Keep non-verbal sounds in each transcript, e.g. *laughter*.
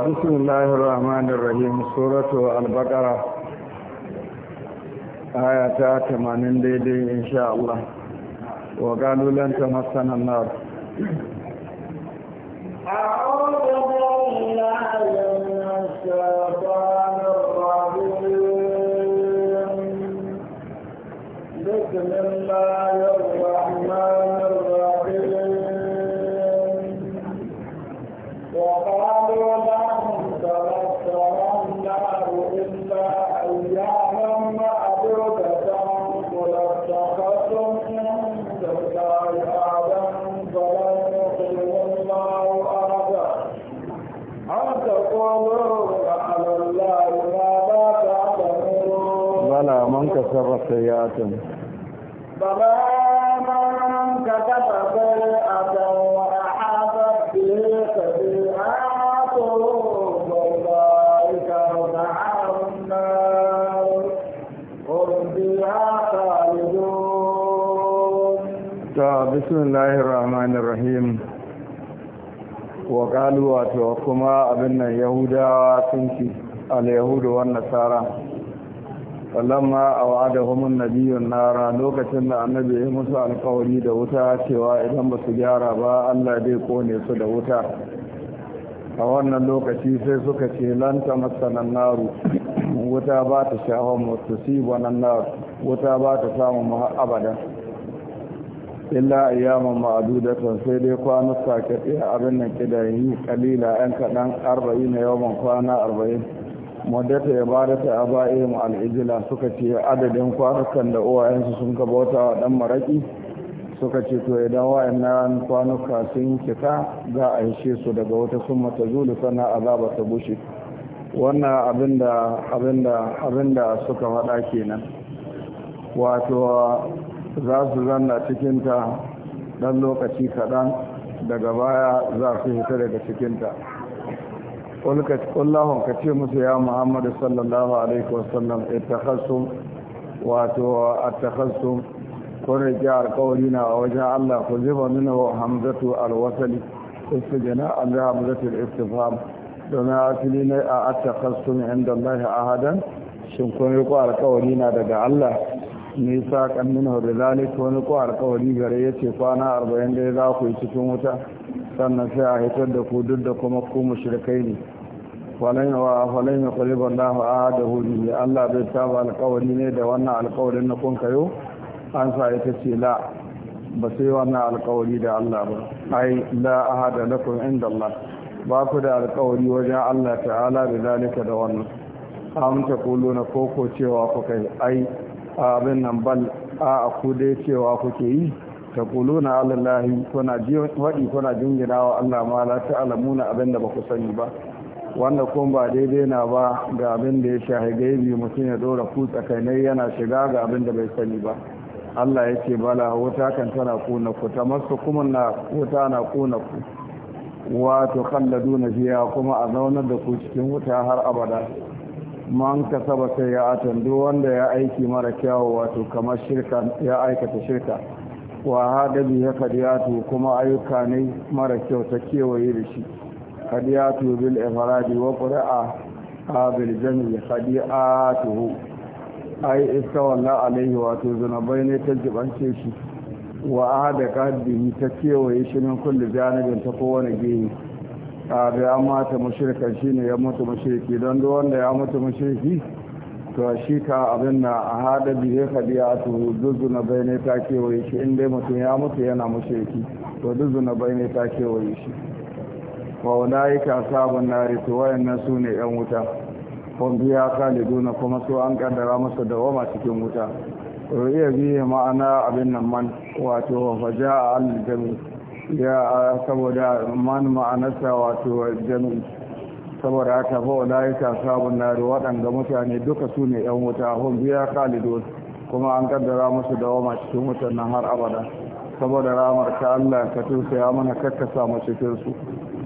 بسم الله الرحمن الرحيم سورة البقرة آية 80 إن شاء الله وقالوا لن تمسنا النار سيئة فما من كتب سيئة وأحاطت به سيئاته فأولئك متعب النار هم فيها خالدون بسم الله الرحمن الرحيم وقالوا واتوا كما أبنا يهودا تنكي اليهود والنصارى falamma a wa'ada homin nabiyun nara lokacin da annabi ya musu alkawari da wuta cewa idan ba su gyara ba allah zai kone su da wuta a wannan lokaci sai suka ce lanta masanan naru wuta ba ta shahon mutu si wannan naru wuta ba ta samun abadan illa ayyaman ma'adudatan sai dai kwanuka kaɗe abin nan yi, kalila 'yan kaɗan arba'in na yawan kwana arba'in muddata ya bada ta a ba'ihim al'ijila suka ce adadin kwanukan da uwayensu sun ka bauta wa ɗan maraƙi suka ce to idan wa'annan kwanuka sun yi kika za a ishe su daga wata sun mata zulu sannan azaba ta bushe wannan abinda abinda abinda suka faɗa kenan wato za su zanna cikinta ɗan lokaci kaɗan daga baya za su fita daga cikinta kullahun ka ce musu ya muhammadu sallallahu alaihi wasallam ittakhasum wato attakhasum kun rike alkawari na a wajen Allah ku zuba nuna wa hamzatu alwasali istijana an da hamzatu al-istifam domin asali ne a attakhasum inda Allah ahadan shin kun riko alkawari na daga Allah nisa kan nuna da zalik wani ko alkawari gare yace kwana 40 da za ku yi cikin wuta sannan sai a hitar da ku duk da kuma ku mushrikai ne falain wa falain yuqribu Allahu ahadahu bi Allah bai saba alƙawari ne da wannan alƙawarin na kun kayo an sa ita ce la ba sai wannan alƙawari da Allah ba ai la ahada lakum inda Allah ba ku da alƙawari wajen Allah ta'ala da zalika da wannan am ta kuluna koko cewa ku kai ai abin nan bal a ku dai cewa kuke yi ta na alallahi kuna waɗi kuna jingina wa Allah ma la ta'lamuna abinda ba ku sani ba wanda kun ba daidai na ba ga abin da ya shahi gaibi mutum ya dora ku tsakanai yana shiga ga abin da bai sani ba Allah ya ce bala wuta kan tana kuna ku ta masu kuma na wuta na kuna ku wato kalladu na jiya kuma a zaunar da ku cikin wuta har abada man ka saba sai ya atan duk wanda ya aiki mara kyawu wato kamar shirka ya aikata shirka wa hada biya kadiyatu kuma ayyuka ne mara kyau ta kewaye da shi kadiyatu bil ifradi wa qura'a a bil jami'i kadiyatuhu ai iska wallah alaihi wato zunubai ne ta jibance shi wa hada kadi ta kewaye shi nan kullu janibin ta kowane gehe a ga ya mata mushrikan shine ya mutu mushriki don duk wanda ya mutu mushriki to shi ka abin na a hada biye kadiya to duzuna bai ne ta kewaye shi in dai mutum ya mutu yana mushriki to duzuna bai ne ta kewaye shi wa ulaika ashabun nari to wayannan su ne yan wuta kun biya juna, kuma su an kaddara masa wama cikin wuta ru'iya biye ma'ana abin nan man wato faja a jami ya saboda man ma'anarsa wato jami'i saboda haka wa layuka sabun nari waɗanda mutane duka su ne yan wuta hun biya khalidun kuma an kaddara musu wama cikin wutan nan har abada saboda ramar ka Allah ka ya mana kakkasa mu cikin su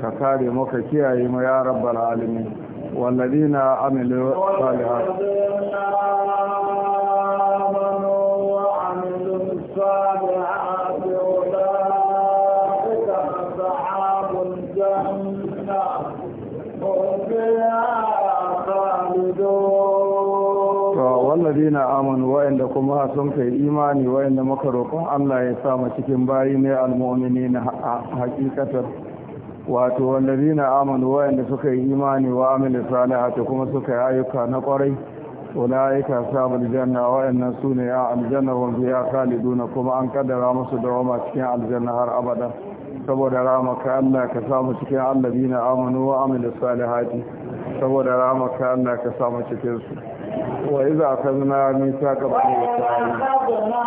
ka kare mu ka kiyaye mu ya rabbal alamin والذين عملوا الصالحات wallazina kuma sun kai imani wa'anda muka roƙon Allah ya sama cikin bayi ne almu'minina hakikatar? wato zina amanu wa'anda suka yi imani wa amilu salihati kuma suka yi ayyuka na ƙwarai ulaika sabul janna su ne a aljanna hum fiha khaliduna kuma an kaddara musu wama cikin aljanna har abada saboda ramaka Allah ka samu cikin allazina amanu wa amilu salihati saboda ramaka Allah ka samu cikin su wa iza akhadna mithaqa bani isra'ila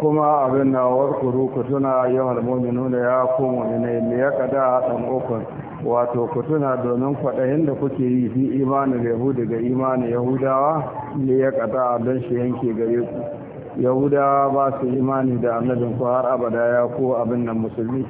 kuma abin na warku ku tuna yau halmominu nuna ya kuma ne ne ya kada a ɗan ukun wato ku tuna domin kwaɗayin da kuke yi fi imanin yahu daga imanin yahudawa ne ya kada don shi yanke gare ku yahudawa ba su imani da annabin ku har abada ya ku abin nan musulmi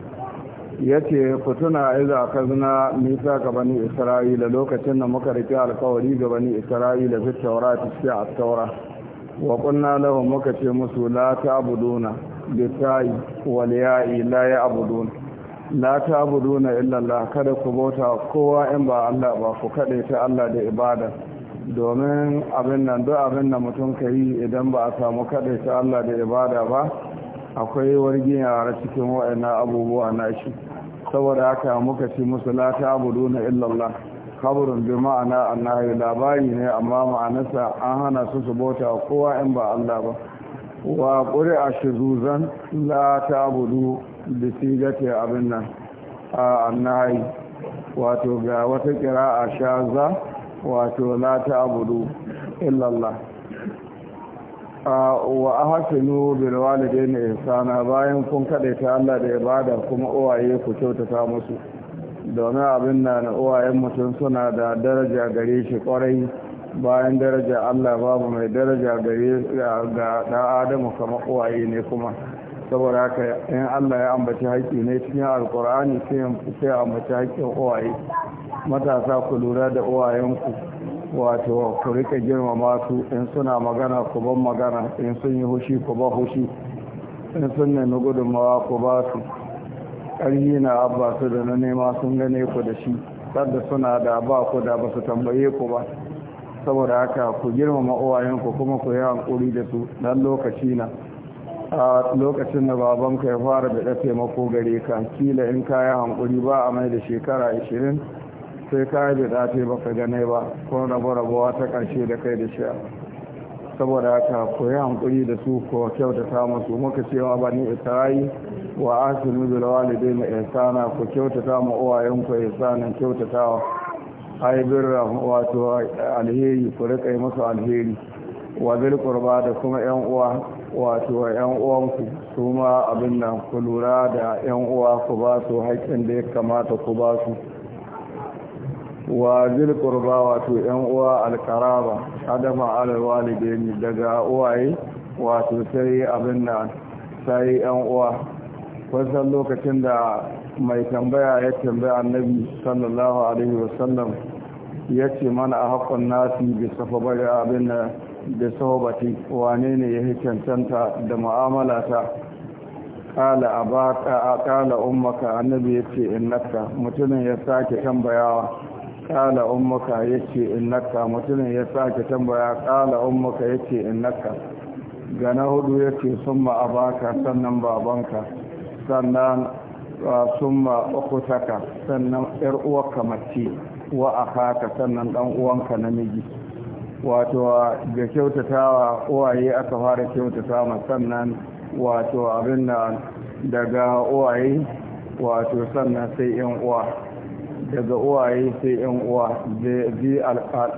ya ce ku tuna iza ka zina nisa ga bani isra'ila lokacin da muka rike alkawari ga bani isra'ila fi taura shi a taura wa kunna lahu muka ce musu la ta'buduna bi ta'i wal ya'i la ya'budun la ta'buduna illa Allah kada ku bauta kowa in ba Allah ba ku kade ta Allah da ibada domin abin nan duk abin da mutum ka yi idan ba a samu kade ta Allah da ibada ba akwai wargin yara cikin wa'annan abubuwa na shi saboda haka muka ce musu la ta'buduna illa Allah kaburin bi ma'ana annahi labari ne amma ma'anarsa an hana su su bauta kowa in ba Allah ba wa ƙuri'a shuzuzan la ta budu da sigata abin nan a annahi wato ga wata ƙira'a shaza wato la ta budu illallah wa ahsinu bil walidaini ihsana bayan kun kadaita Allah da ibada kuma uwaye ku kyautata musu domin abin da na uwayen mutum suna da daraja gare shi kwarai bayan daraja allah babu mai daraja gare ga ɗan adamu kamar uwaye ne kuma saboda haka in allah ya ambaci haƙƙi ne cikin alkur'ani sai ya ambaci haƙƙin uwaye matasa ku lura da uwayenku wato ku rike girmama su in suna magana ku ban magana in sun yi hushi ku ba hushi in sun nemi gudunmawa ku ba su ƙarfi na abba su da na nema sun gane ku da shi sadda suna da ba ku da ba su tambaye ku ba saboda haka ku girmama uwayenku kuma ku yi hankuri da su dan lokaci na a lokacin da babanka ya fara da taimako gare ka kila in ka yi hankuri ba a mai da shekara 20 sai ka yi da ɗafe ba ka gane ba kun rabu rabuwa ta ƙarshe da kai da shi saboda haka ku yi hankuri da su ku kyautata musu muka cewa bani isra'i wa asinu bil mai ihsana ku kyautata mu uwayen ku ihsanan kyautatawa ai birra wato alheri ku rika yi musu alheri wa bil kurba da kuma yan uwa wato yan uwanku su ma abin nan ku lura da yan uwa ku ba su haƙƙin da ya kamata ku ba su wa zil kurba wato yan uwa alkaraba. adama alal walidaini daga uwaye wato sai abin da sai yan uwa kusan lokacin da mai tambaya ya tambaya annabi sallallahu alaihi wasallam ya mana a haƙon nasi bi safabar abin da da sahabati wane ne ya cancanta da mu'amala ta kala abaka a kala ummaka annabi yace ce innaka mutumin ya sake tambayawa kala ummuka yace innaka mutumin ya sake tambaya kala ummuka yace innaka gana hudu yace summa abaka sannan babanka sannan summa ukutaka sannan yar uwarka mace wa akaka sannan dan uwanka namiji wato ga kyautatawa uwaye aka fara kyautatawa sannan wato abin da daga uwaye wato sannan sai yan uwa daga uwaye sai yan uwa bi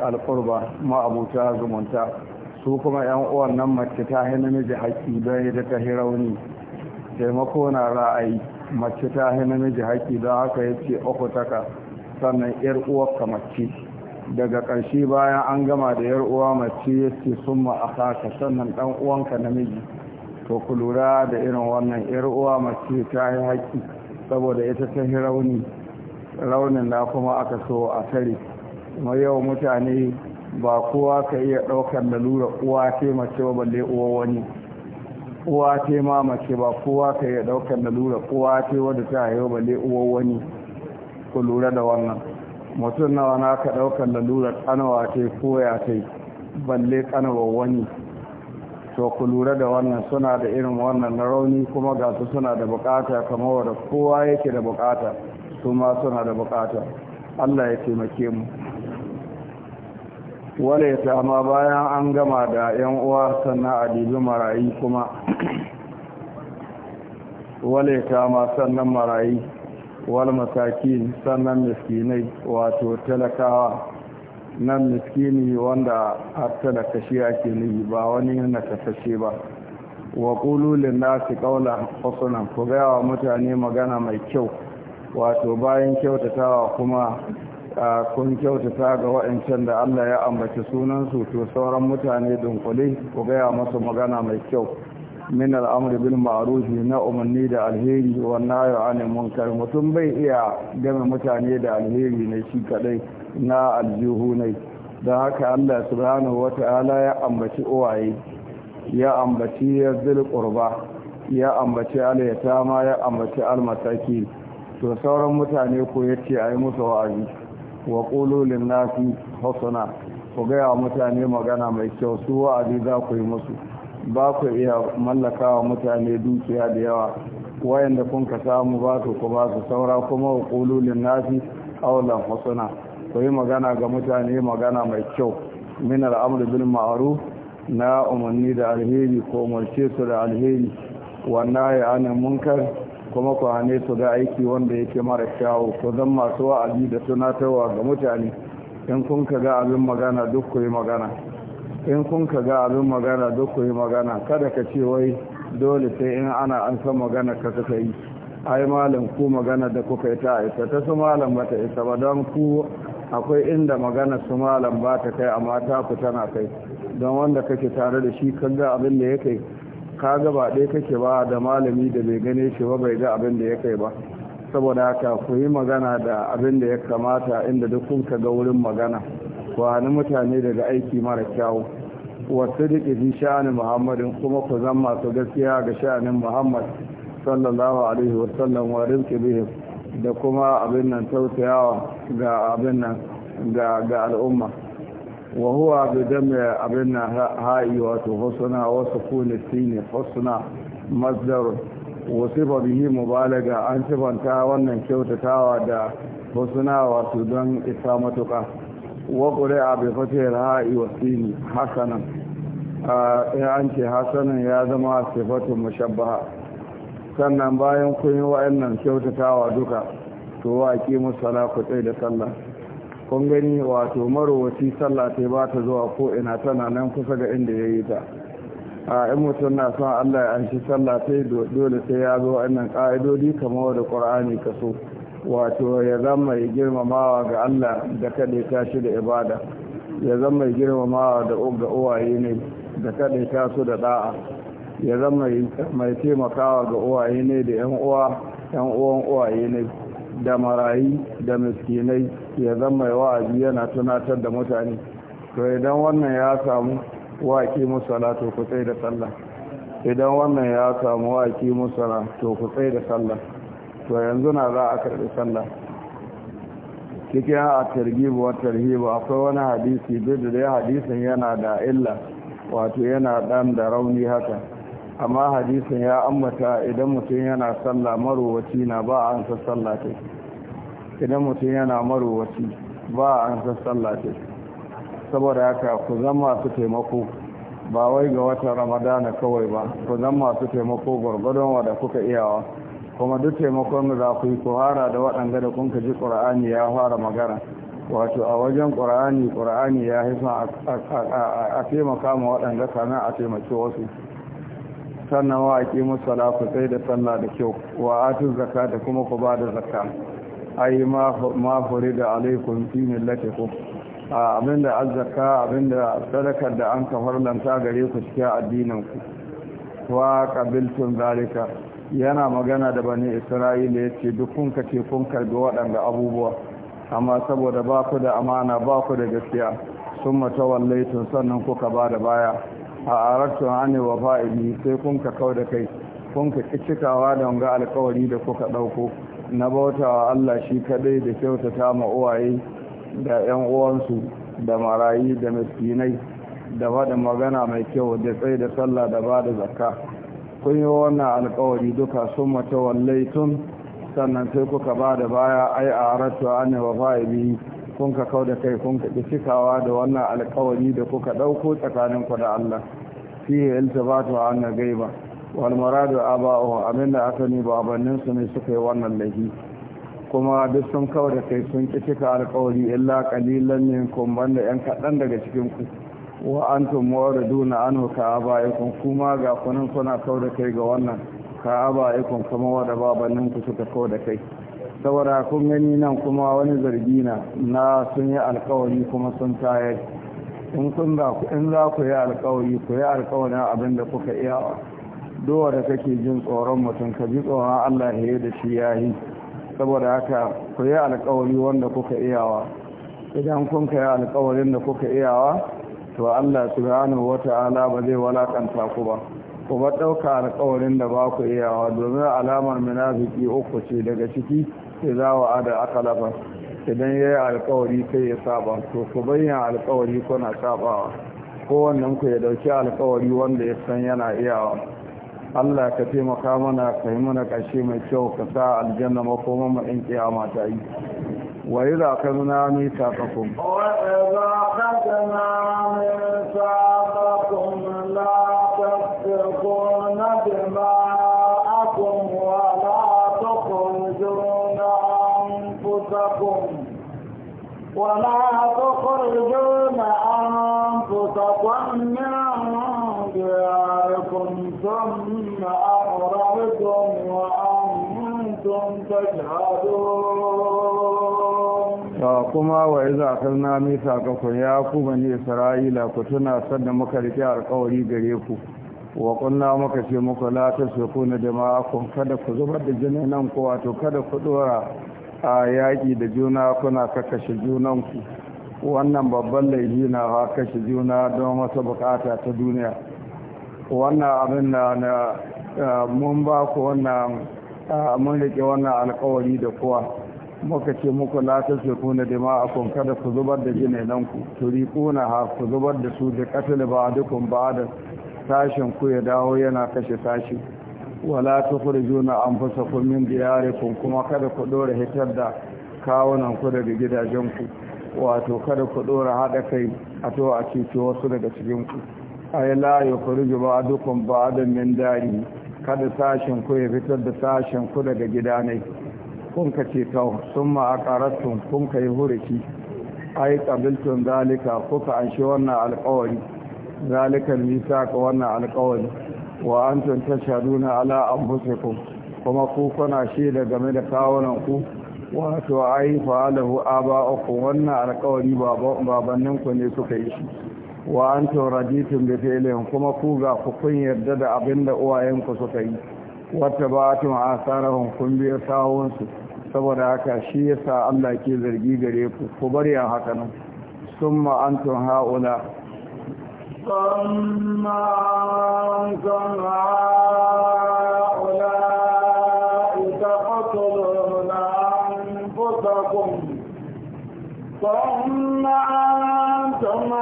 alƙurba ma'abuta zumunta su kuma yan uwan nan mace ta yi namiji haƙƙi don ita ta hirauni rauni taimako na ra'ayi mace ta yi namiji haƙƙi don haka ya ce uku taka sannan yar uwarka mace daga ƙarshe bayan an gama da yar uwa mace ya ce sun ma'aka sannan ɗan uwanka namiji to ku lura da irin wannan yar uwa mace ta yi haƙƙi saboda ita ta hirauni. raunin na kuma aka so a tare kuma yau mutane ba kowa ka iya ɗaukar lura uwa ce mace ba balle uwa wani uwa ce ma mace ba kowa ka iya ɗaukar lura uwa ce wadda ta haihu balle uwa wani ku lura da wannan mutum nawa na ka ɗaukar lura ƙanawa ce koya ce balle ƙanawa wani to ku lura da wannan suna da irin wannan na rauni kuma ga su suna da bukata kamar wadda kowa yake da bukata su ma suna da bukata Allah ya taimake mu wale ta ma bayan an gama da yan uwa sannan a dubi marayi kuma wale ta ma sannan marayi wal masakin sannan miskinai wato talakawa nan miskini wanda har talaka shi ake nufi ba wani na kasashe ba wa ƙulu lin nasi ƙaula husnan ku gaya wa mutane magana mai kyau wato bayan kyautatawa kuma kun kyautata ga wa'ancan da Allah ya ambaci sunansu to sauran mutane dunkule ku gaya masu magana mai kyau min al'amri bin ma'arufi na umarni da alheri wa nahyi anil munkar mutum bai iya gama mutane da alheri na shi kadai na aljihu ne da haka Allah subhanahu wata'ala ya ambaci uwaye ya ambaci zil qurba ya ambaci al ma ya ambaci al to sauran mutane ko a yi musu wa'azi wa qulu lin nasi husna ku ga mutane magana mai kyau su wa'azi za ku yi musu ba ku iya mallakawa mutane dukiya da yawa da kun ka samu ba su ku ba su saura kuma wa qulu lin nasi qawlan husna ku yi magana ga mutane magana mai kyau min al'amr bil ma'ruf na umarni da alheri ko umarce su da alheri wannan ya munkar kuma ku su ga aiki wanda yake mara kyawo ku zan masu wa'azi da suna tunatarwa ga mutane in kun ka ga abin magana duk ku yi magana in kun ka ga abin magana duk ku yi magana kada ka ce wai dole sai in ana an san magana ka suka yi ai malam ku magana da kuka yi ta isa ta su malam bata isa ba don ku akwai inda magana su malam ba ta kai amma ta ku tana kai don wanda kake tare da shi kan ga abin da ya kai ka gaba ɗai kake ba da malami da bai gane shi ba bai ga abin da ya kai ba saboda haka ku yi magana da abin da ya kamata inda duk kun ka ga wurin magana ku hani mutane daga aiki mara kyawu wasu duk fi sha'anin muhammadin kuma ku zan masu gaskiya ga sha'anin muhammad sallallahu alaihi wasallam wa rizki da kuma abin nan tausayawa ga abin nan ga al'umma wa huwa bi dam abin ha'i wato husna wa sukun sin husna masdar wasifa bihi mubalaga an sifanta wannan kyautatawa da husna wato don isa matuka wa qura bi fatihil ha'i wa sin hasanan ya ce hasanan ya zama sifatu mushabbaha sannan bayan kun yi wa'annan kyautatawa duka to wa ki musala ku da sallah kun gani wato marowaci sallah ta ba ta zuwa ko ina tana nan kusa ga inda ya yi ta a yan mutum na son allah ya anshi sallah ta dole sai ya zo wannan Ka'idodi kamar da ƙur'ani ka so wato ya zama mai girmamawa ga allah da kaɗe ta shi da ibada ya zama mai girmamawa da ga uwaye ne da kaɗe ta su da ɗa'a ya zama mai taimakawa ga uwaye ne da 'yan uwa yan uwan uwaye ne da marayi da miskinai ya zama wa'azi yana tunatar da mutane to idan wannan ya samu waƙi musala to ku tsaye da sallah idan wannan ya samu waƙi musala to ku tsaye da sallah to yanzu na za a karɓi sallah cikin a targibu wa tarhibu akwai wani hadisi duk da dai hadisin yana da illa wato yana ɗan da rauni haka amma hadisin ya ammata idan mutum yana sallah marowaci na ba a ansa sallah ta idan mutum yana marowaci ba a ansa sallah ta saboda haka ku zan masu taimako ba wai ga watan ramadana kawai ba ku zan masu taimako gwargwadon da kuka iyawa kuma duk taimakon da za ku yi ku hara da waɗanda da kunka ji ƙura'ani ya fara magana wato a wajen ƙura'ani ƙura'ani ya haifan a taimaka ma waɗanda kana a taimaki wasu sannan wa aƙi musala ku sai da sallah da kyau wa atu zaka da kuma ku ba da zaka ai ma furi da alaikun fi millati ku abinda azzaka abinda sadakar da an lanta gare ku cikin addinin ku wa qabiltum zalika yana magana da bani isra'ila ya ce duk kun ce kun karbi waɗanda abubuwa amma saboda ba ku da amana ba ku da gaskiya sun mata wallaitun sannan kuka ba da baya a arabtu hannun wafa'ibi sai kun ka kau da kai kun ka cikawa da wanga alkawari da kuka ɗauko na bautawa Allah shi kaɗai da kyautata ma uwaye da 'yan uwansu da marayi da miskinai da bada magana mai kyau da tsaye da sallah da bada zakka kun yi wannan alkawari duka sun mata wallaitun sannan sai kuka ba da baya ai a aratu an wafa'ibi kun ka kau da kai kun ka cikawa da wannan alkawari da kuka ɗauko ku da Allah fiye iltibatu an na gaiba wal maradu aba'u abin da aka ni babannin su ne suka yi wannan laifi kuma duk sun kau da kai sun ki cika alkawari illa qalilan minkum banda yan kaɗan daga cikin ku wa antum mu'riduna anhu ka aba'ikum kuma ga kunan kuna kau da kai ga wannan ka aba'ikum kuma wada babannin ku suka kau da kai saboda kun gani nan kuma wani zargi na na sun yi alkawari kuma sun tayar in kun ba in za ku yi alkawari ku yi alkawarin abin da kuka iya dowa da kake jin tsoron mutum ka ji tsoron Allah ya da shi yi saboda haka ku yi alkawari wanda kuka iyawa idan kun ka yi alkawarin da kuka iyawa to Allah subhanahu wata'ala ba zai walakanta ku ba ku ba ɗauka alkawarin da ba ku iyawa domin alamar munafiki uku ce daga ciki ada wa'ada akhlafa idan yayi alkawari sai ya saba to ku bayyana alkawari kuna sabawa kowannen ku ya dauki alkawari wanda ya san yana iyawa Allah ka taimaka mana ka yi mana ƙarshe mai kyau ka sa aljanna makoman mu in kiyama ta yi wa idza kana mithaqakum wa idza kana la ولا تخرجون أنفسكم من دياركم ثم أقررتم وأنتم تشهدون kuma wa iza akalna ya ku isra'ila ku tuna sanda muka rike alkawari gare ku wa kunna muka ce muku la tasfiku na jama'a kuma kada ku zubar da jinin nan ko kada ku dora a yaƙi da juna kuna kakashe junanku wannan babban laifi na ha kashe juna don wata bukata ta duniya wannan abin na mun ba ku wannan mun rike wannan alkawari da kowa muka ce muku la kuna da ma'akon kada ku zubar da nan ku turi kuna ha ku zubar da su da katil ba dukun ba da tashin ku ya dawo yana kashe tashi wala tukhrijuna anfusakum min diyarikum kuma kada ku dora hitar da kawunan ku daga gidajenku wato kada ku dora hada kai a to a cikin wasu daga cikin ku ay la dukkan ba'dukum ba'dan min dari kada sashin ku ya fitar da sashin ku daga gidanai kun ka ce taw a aqarattum kun kai huriki ay qabiltum zalika kuka anshi wannan alƙawari zalikan nisa ka wannan alƙawari wa antum tashhaduna ala anfusikum kuma ku shi da game da kawunan ku wato ai fa'alahu aba'ukum wannan alƙawari babannin ku ne suka yi shi wa antum raditum bi fi'lihim kuma ku ga ku kun yarda da abin da uwayenku suka yi wata ba'atum asarahum kun biya sawun su saboda haka shi yasa Allah ke zargi gare ku ku bari haka nan summa antum ha'ula فلما أنزلنا ثم أنتم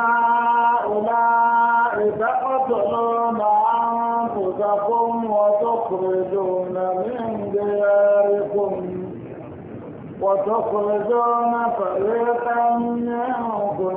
هؤلاء تقتلون أنفسكم وتخرجون من دياركم وتخرجون فريقا منكم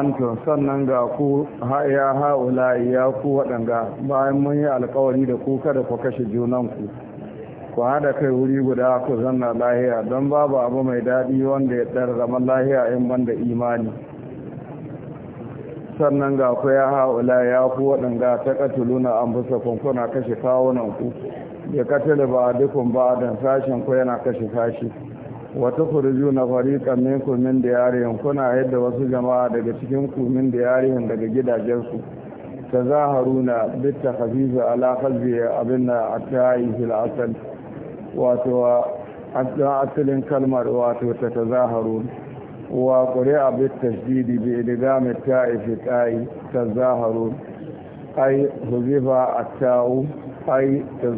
antum sannan ga ku ya haula ya ku waɗanga bayan mun yi alkawari da ku kada ku kashe junanku ku haɗa kai wuri guda ku zanna lahiya don babu abu mai daɗi wanda ya ɗar zaman lahiya in banda imani sannan ga ku ya haula ya ku waɗanga ta katuluna an busa kuna kashe kawunanku ya katale ba dukun ba don sashen ku yana kashe sashi wata kurju na fariƙa minku kumin da yarihin kuna yadda wasu jama'a daga cikin kumin da yarihin daga gidajensu ta na bitta hafizu ala abin na a tayi fil asal wato asalin kalmar wato ta ta zaharun wa a bitta shidi bi ta yi fi yi? ta zaharun ai huzifa a ta ai ta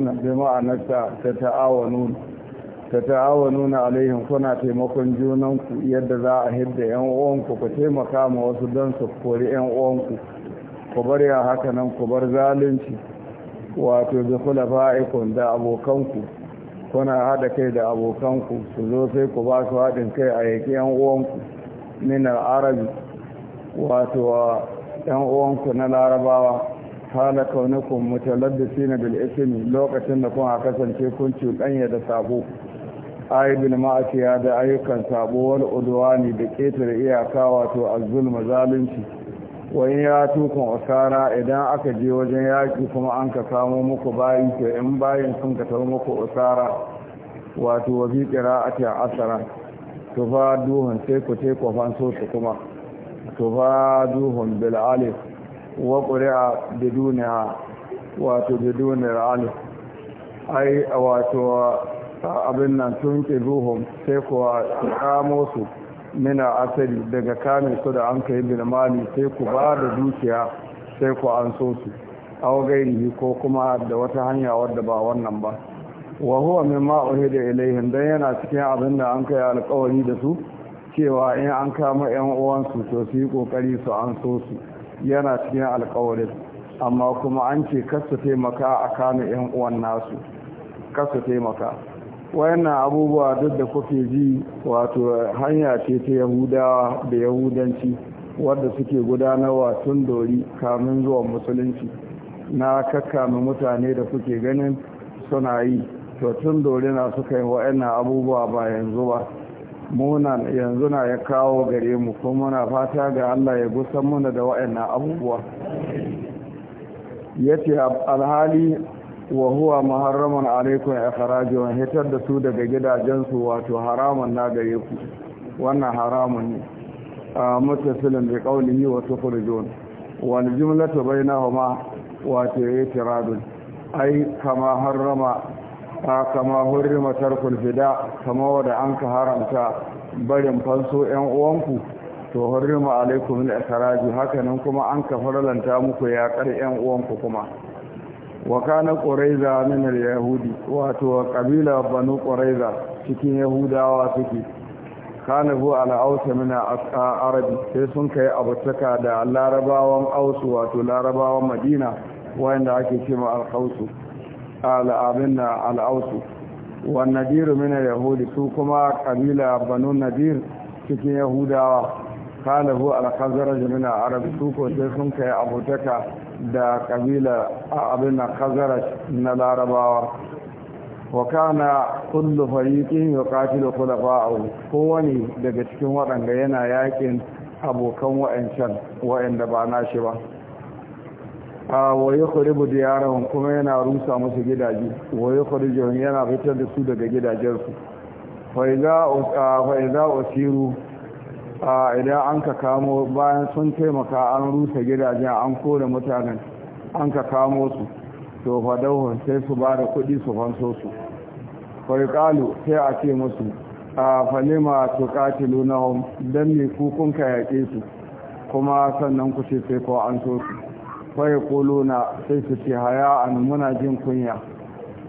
na bi ma'anarta ta ta'awanun ta ta'awanuna alaihim kuna taimakon junanku yadda za a hidda yan uwanku ku taimaka ma wasu don su kori yan uwanku ku bar ya haka nan ku bar zalunci wato bi khulafaikum da abokanku kuna haɗa kai da abokanku su zo sai ku ba su haɗin kai a yaki yan uwanku min al-arabi wato yan uwanku na larabawa hala kaunakun mutaladdisi na bil'isimi lokacin da kun kasance kun cuɗanya da sabo aibin ma'afiya da ayyukan sabo wani udwani da ƙetare iyaka wato azulma zalunci wani ya tukun usara idan aka je wajen yaƙi kuma an ka samo muku bayi to in bayin sun ka taɓa muku asara wato wa bi ƙira'ati asara Tufa duhun sai ku sai ku su kuma Tufa duhun bil alif wa ƙuri'a biduniya wato biduniyar alif ai wato abin nan tun ruhun sai kuwa kamo su mina asali daga kame su da an kai bilmali sai ku ba da dukiya sai ku an so su aw gairihi ko kuma da wata hanya wadda ba wannan ba wa huwa mimma uhida ilaihim dan yana cikin abin da an kai alƙawari da su cewa in an kama yan uwansu to su yi kokari su an so su yana cikin alkawarin amma kuma an ce kasu taimaka a kanu yan uwan nasu kasu taimaka wayannan abubuwa duk da kuke ji wato hanya ce ta yahudawa da yahudanci wadda suke gudanarwa tun dori kamin zuwan musulunci na kakkami mutane da kuke ganin suna yi to tun dori na suka yi wayannan abubuwa ba yanzu ba muna yanzu na ya kawo gare mu kuma muna fata ga Allah ya gusa muna da wa'annan abubuwa yace alhali wa huwa muharraman alaikum ikhrajuhum hitar da su daga gidajensu wato haramun na gare ku wannan haramun ne A mutasilin bi qawlihi wa tukhrijun wani jumlatu bainahuma wato ya yatiradun ai kama harrama kama hurri matarkul fida kama wadda an ka haramta barin fanso 'yan uwanku to hurri ma'alaikun haka hakanan kuma an ka faralanta muku yaƙar 'yan uwanku kuma wakana ƙuraiza al yahudi wato ƙabila banu ƙuraiza cikin yahudawa suke ala ausa min arabi sai sun kai abutaka da larabawan ausu wato larabawan madina wayanda ake ce ma alƙausu al'abin al'ausu wannadiru mina yahudi su kuma kabila banu nadir cikin yahudawa kalahu al-khazraj min al-arab su kai abutaka da kabila abin khazraj na larabawa wa kana kullu fariqin yuqatilu khulafa'ahu kowani daga cikin waɗanda yana yakin abokan wa'ancan wa'anda ba na shi ba a waye kuribu da yaran kuma yana rusa musu gidaje waye ya yana fitar da su daga gidajensu fa'iza osiru idan an ka kamo bayan sun taimaka an rusa gidajen an kore mutanen an ka kamo su to fadauhun sai su ba da kudi su fanso su fa'iƙalu sai a ce musu A falima su kati hom don ne kukunka yaƙe su kuma sannan ku ce sai ko an so su faya na, sai su ce haya an muna jin kunya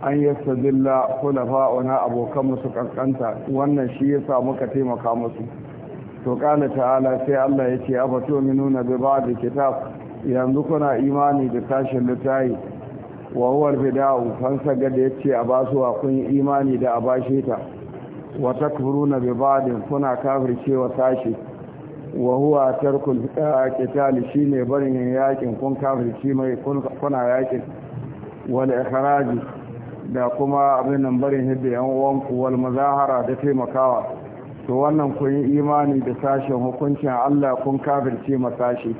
an yi sabilla kulafa ona abokan musu kankanta wannan shi ya sa muka taimaka musu to kala ta'ala sai Allah ya ce abato minuna bi da kitab yanzu kuna imani da tashin littafi wa huwa bida'u fansa ga yace a basu a kun imani da a bashe ta wa takfuruna bi ba'd kuna kafirce wa tashi wa huwa tarkul eh, qitali shine barin yakin kun shi mai kuna yakin wal ikhraji da kuma abin nan barin hidda yan uwan ku wal mazahara da taimakawa to wannan kun yi imani da sashen hukuncin Allah kun kafirce masashi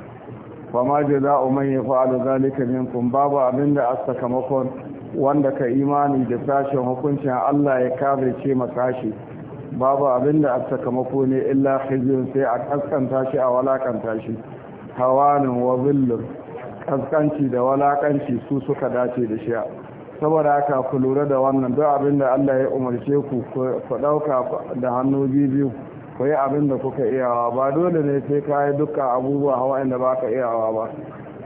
fa ma jaza'u man yaf'alu zalika minkum babu abinda as-sakamakon wanda ka imani da sashen hukuncin Allah ya ma masashi babu abin da a sakamako ne illa hizin sai a kaskanta shi a walakanta shi hawanin wa zillun kaskanci da walakanci su suka dace da shi saboda haka ku lura da wannan duk abin da Allah ya umarce ku ku ɗauka da hannu biyu ku yi abin da kuka iyawa ba dole ne sai ka yi dukkan abubuwa hawa inda ba iyawa ba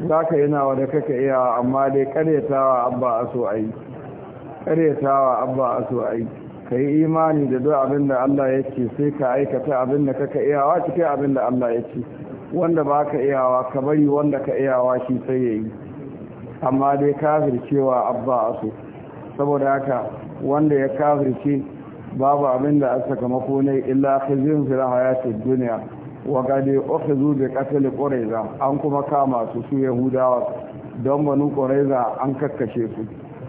za ka yi nawa da kaka iyawa amma dai karyatawa abba a so a yi karyatawa abba a so a yi ka yi imani da duk abin da Allah ya ce sai ka aikata abin da kaka iyawa cikin abin da Allah ya ce wanda ba ka iyawa ka bari wanda ka iyawa shi sai ya yi amma dai kafircewa abba a so saboda haka wanda ya kafirce babu abin da aka sakamako ne illa khizin fil hayata duniya, wa ofe ukhizu da qatl ƙoraiza an kuma kama su su yahudawa don banu ƙoraiza an kakkashe su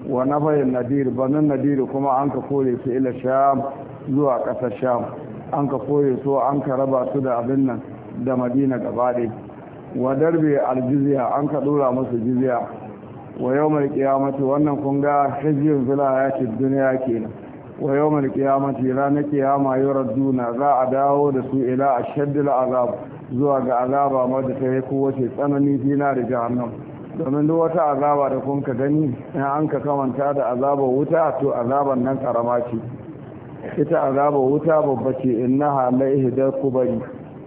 wa nafayin nadir banin nadir kuma an ka kore su ila sham zuwa ƙasar sham an ka kore su an ka raba su da abin nan da madina gaba wa darbe aljiziya an ka ɗora musu jiziya wa yau mai kiyamata wannan kun ga hijiyar zula ya ce duniya kenan wa yau mai kiyamata ranar kiyama yau duna za a dawo da su ila a shaddila azab zuwa ga azaba ma da ta yi kowace tsanani fina da jahannam domin duk wata azaba da kun ka gani in an ka kamanta da azabar wuta to azabar nan karama ce ita azabar wuta babba ce innaha la ku kubari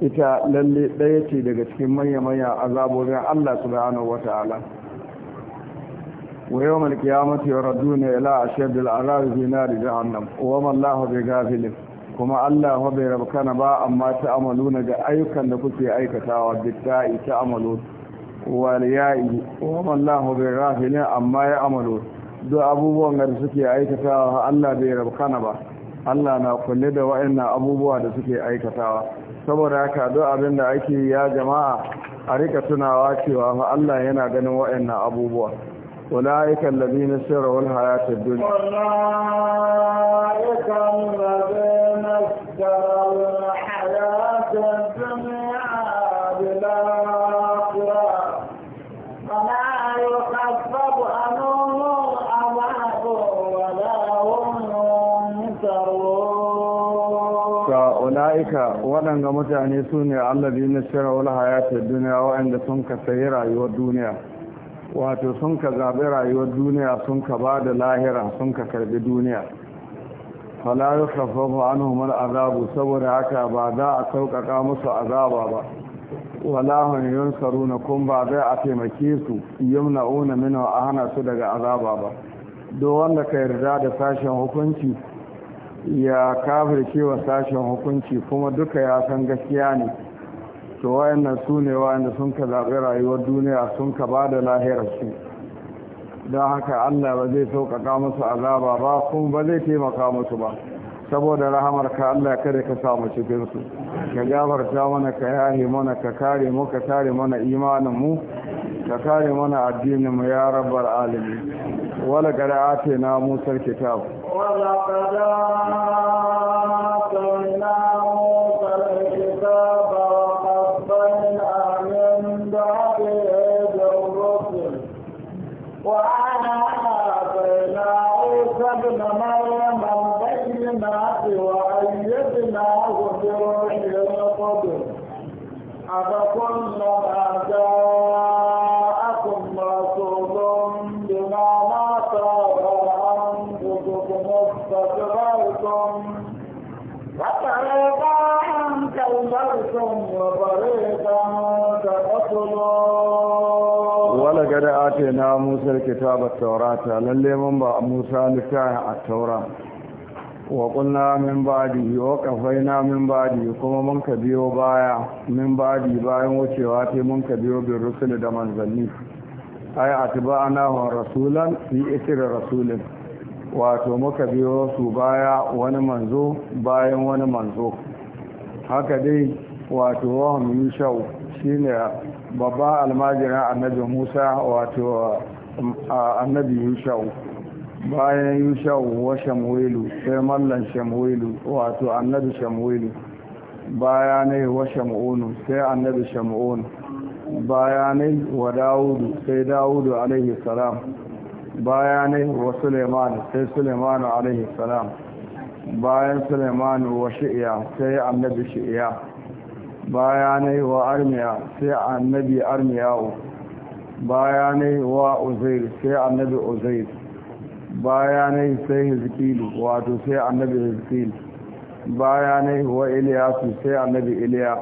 ita lalle ɗaya ce daga cikin manya-manya azabobin Allah subhanahu wata'ala wa yau mal kiyamati wa ne ila ashadil azab fi jahannam wa ma Allah bi ghafilin kuma Allah wa bai kana ba amma ta amaluna ga ayyukan da kuke aikatawa bitta ita amalu waliyayi wa wallahu bai rafilin amma ya amalo duk abubuwan da suke aikatawa Allah bai rabkana ba Allah na kulle da wayannan abubuwa da suke aikatawa saboda haka duk abin da ake ya jama'a a rika tunawa cewa Allah yana ganin wayannan abubuwa أولئك الذين سروا الحياة الدنيا أولئك الذين سروا الحياة الدنيا بالآخرة فلا يخفف عنهم العذاب ولا هم ينصرون أولئك ولن متعني سوني الذين سروا الحياة الدنيا وعند سمك سيرا والدنيا wato sun ka zaɓi rayuwar duniya sun ka ba da lahira sun ka karɓi duniya falayu kafafu an humar azabu saboda haka ba za a sauƙaƙa musu azaba ba walahun yun saruna kun ba zai a taimake su yamna una mino a hana su daga azaba ba don wanda ka yarda da sashen hukunci ya kafirce wa sashen hukunci kuma duka ya san gaskiya ne to wayannan su ne wayanda sun ka zaɓi rayuwar duniya sun ka ba da lahirarsu don haka allah ba zai sauƙaƙa musu azaba ba kuma ba zai taimaka musu ba saboda rahamar ka allah kada ka samu cikinsu ka gafarta mana ka yahi mana ka kare mu ka kare mana imanin mu ka kare mana addinin mu ya rabbar alimi wala a ce na musar kitab بعد هذا الرسل وآتينا عيسى ابن مريم البينات وأيدناه بروح القدس أفكلما جاءكم رسول بما لا ترى أنفسكم استكبرتم وفريقا كذبتم وفريقا wala gada ate na musa kitabar taurata lalle mun ba musa littafin a taura wa kunna min badi wa kafaina min badi kuma mun ka biyo baya min badi bayan wucewa te mun ka biyo bin rusul da manzanni ay atba'ana wa rasulan fi isri rasulin wato muka biyo su baya wani manzo bayan wani manzo haka dai wato wahum shi ne babban almajirin annabi musa wato um, annabi yushau bayan yushau wa shamwilu sai mallan shamwilu wato annabi shamwilu bayanai wa shamunu sai annabi shamunu bayanai wa dawudu sai dawudu alaihi salam bayanai wa suleiman sai suleiman alaihi salam bayan suleiman wa shi'iya sai annabi shi'iya Bayanai wa armiya sai annabi armiyawo baya na Bayanai wa uzair sai annabi uzair bayanai sai hizkilu wato sai annabi nabi baya Bayanai wa iliyasu sai annabi iliya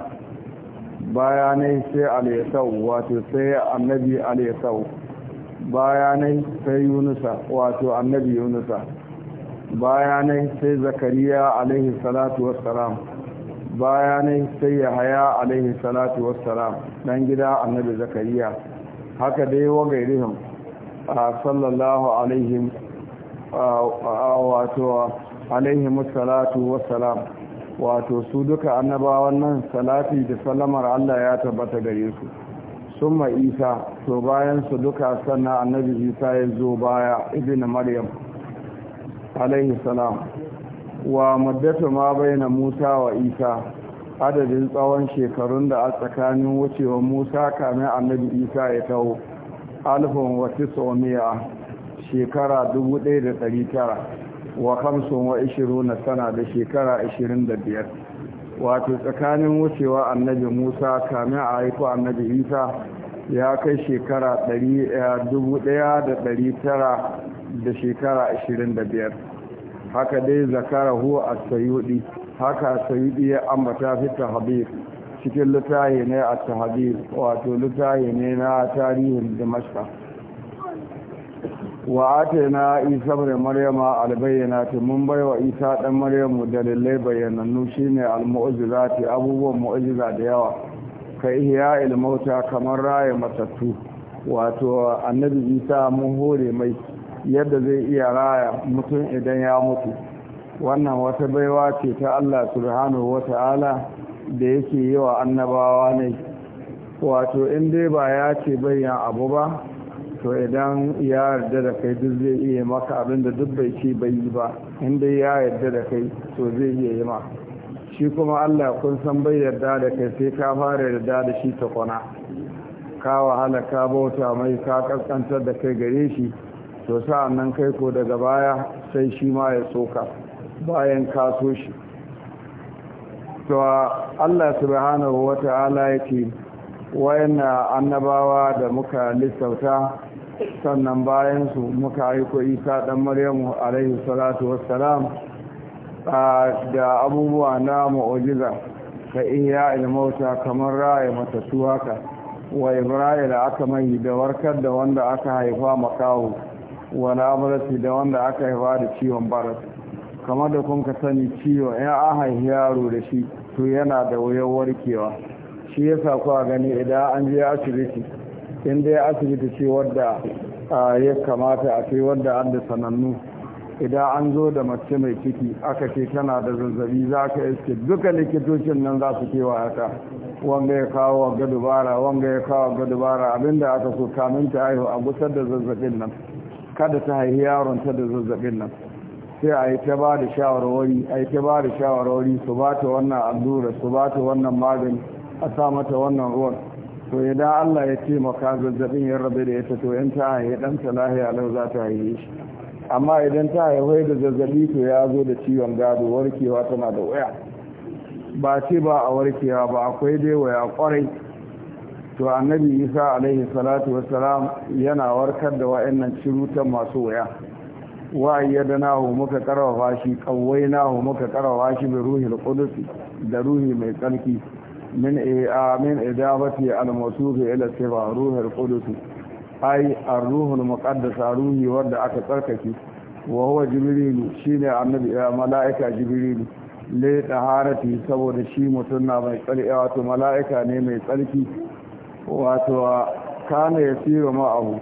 Bayanai sai yi sai aliyasau wato sai annabi aliyasau baya na Bayanai sai yunusa wato annabi yunusa Bayanai sai zakariya alaihi salatu wassalam salam bayanai sai ya haya alaihi salatu wassalam dan gida annabi zakariya haka dai wa gairihim sallallahu alaihim wato alaihi salatu wassalam wato su duka annabawan nan salati da salamar Allah ya tabbata gare su summa isa to bayan su duka sannan annabi isa ya zo baya ibnu maryam alaihi salam wa muddatu ma bayyana Musa wa Isa adadin tsawon shekarun da a tsakanin wucewa Musa kamin Annabi Isa ya kawo alfun wa tsomiya shekara 1900 wa khamsun wa 20 sana da shekara 25 wato tsakanin wucewa Annabi Musa kamin a haifa Annabi Isa ya kai shekara 1900 eh, da shekara 25 haka dai zakarahu a sayudi haka sayudi ya ambata fi tahbir cikin littafi ne a tahbir wato littafi ne na tarihin dimashqa wa atayna isa ibn maryama albayyana ta mun bai wa isa dan maryamu dalilai bayyanannu shine al yi abubuwan mu'jiza da yawa ka ihya ilmauta kamar raye matattu wato annabi isa mun hore mai yadda zai iya raya mutum idan ya mutu wannan wata baiwa ce ta Allah turhanu wa ta'ala da yake yi wa annabawa ne wato in dai ba ya ce bayan abu ba to idan ya yarda da kai duk zai iya maka abin duk bai ce bayi ba inda ya yarda da kai to zai iya yi ma shi kuma Allah kun san bai yarda da kai sai ka fara yarda da shi ta kwana ka wahala ka bauta mai ka kaskantar da kai gare shi to sa'an nan kai ko daga baya sai shi ma ya tsoka bayan ka so shi to Allah subhanahu wata'ala yake wayanna annabawa da muka lissauta sannan bayan su muka aiko Isa dan Maryamu alaihi salatu wassalam da abubuwa na mu'ujiza ka iya ilmauta kamar ra'ayi matattu haka wa ibrahim aka mai da warkar da wanda aka haifa makawo wala barasi da wanda aka haifa da ciwon baras kamar da kun ka sani ciwo ya aha yaro da shi to yana da wuyan warkewa shi ya sa kuwa gani idan an je asibiti in dai asibiti ce wadda ya kamata a ce wadda an da sanannu idan an zo da mace mai ciki aka ce tana da zazzabi za ka iske duka likitocin nan za su kewa haka wanga ya kawo wanga dubara wanga ya kawo dubara abinda aka so kamin ta haihu a gusar da zazzabin nan kada ta haihi yaron ta da zazzabin nan sai a yi ta ba da shawarwari a yi ta ba da shawarwari su ba ta wannan allura su ba ta wannan magani a sa mata wannan ruwan to idan Allah ya ce maka zazzabin ya rabe da ita to in ta haihi ɗanta lahiya lau za ta haihi shi amma idan ta haihuwa da zazzabi to ya zo da ciwon gado warkewa tana da waya ba ce ba a warkewa ba akwai dai waya kwarai to annabi isa alaihi salatu wassalam yana warkar da wa'annan cirutan masu waya wa ayyadnahu muka karawa shi qawwaynahu muka karawa shi bi ruhil qudus da ruhi mai tsarki min e, amin idabati al mawsuf ila sifa ruhil qudus ai ar-ruhul muqaddas ruhi wanda aka tsarkake wa huwa jibril shine annabi mala'ika jibril le taharati saboda shi mutum na mai tsarki wato mala'ika ne mai tsarki wato kana ya siro abu.